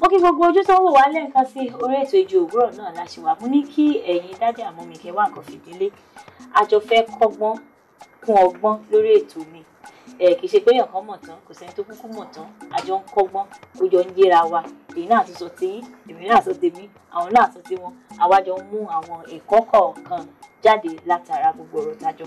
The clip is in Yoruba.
ó kí gbogbo ojú tó ń wò wá lẹ́ẹ̀kan sí orí ètò ìjọ òwúrọ̀ náà la ṣe wà mú ní kí ẹ̀yin dájà àmọ́ mi kẹ́ wá nǹkan fìdílé àjọ fẹ́ kọ́gbọ́n kún ọgbọ́n lórí ètò mi ẹ̀ kì í ṣe pé èèyàn kan mọ̀ tán kò sẹ́ni tó kúkú mọ̀ tán àjọ ń kọ́gbọ́n ó jọ ń yéra wa èyí náà tún sọ tiyín èmi náà sọ tèmi àwọn náà sọ tiwọn àwa jọ ń mú àwọn ẹ̀kọ́ kọ̀ọ̀kan jáde látara gbogbo ọ̀rọ̀ tájọ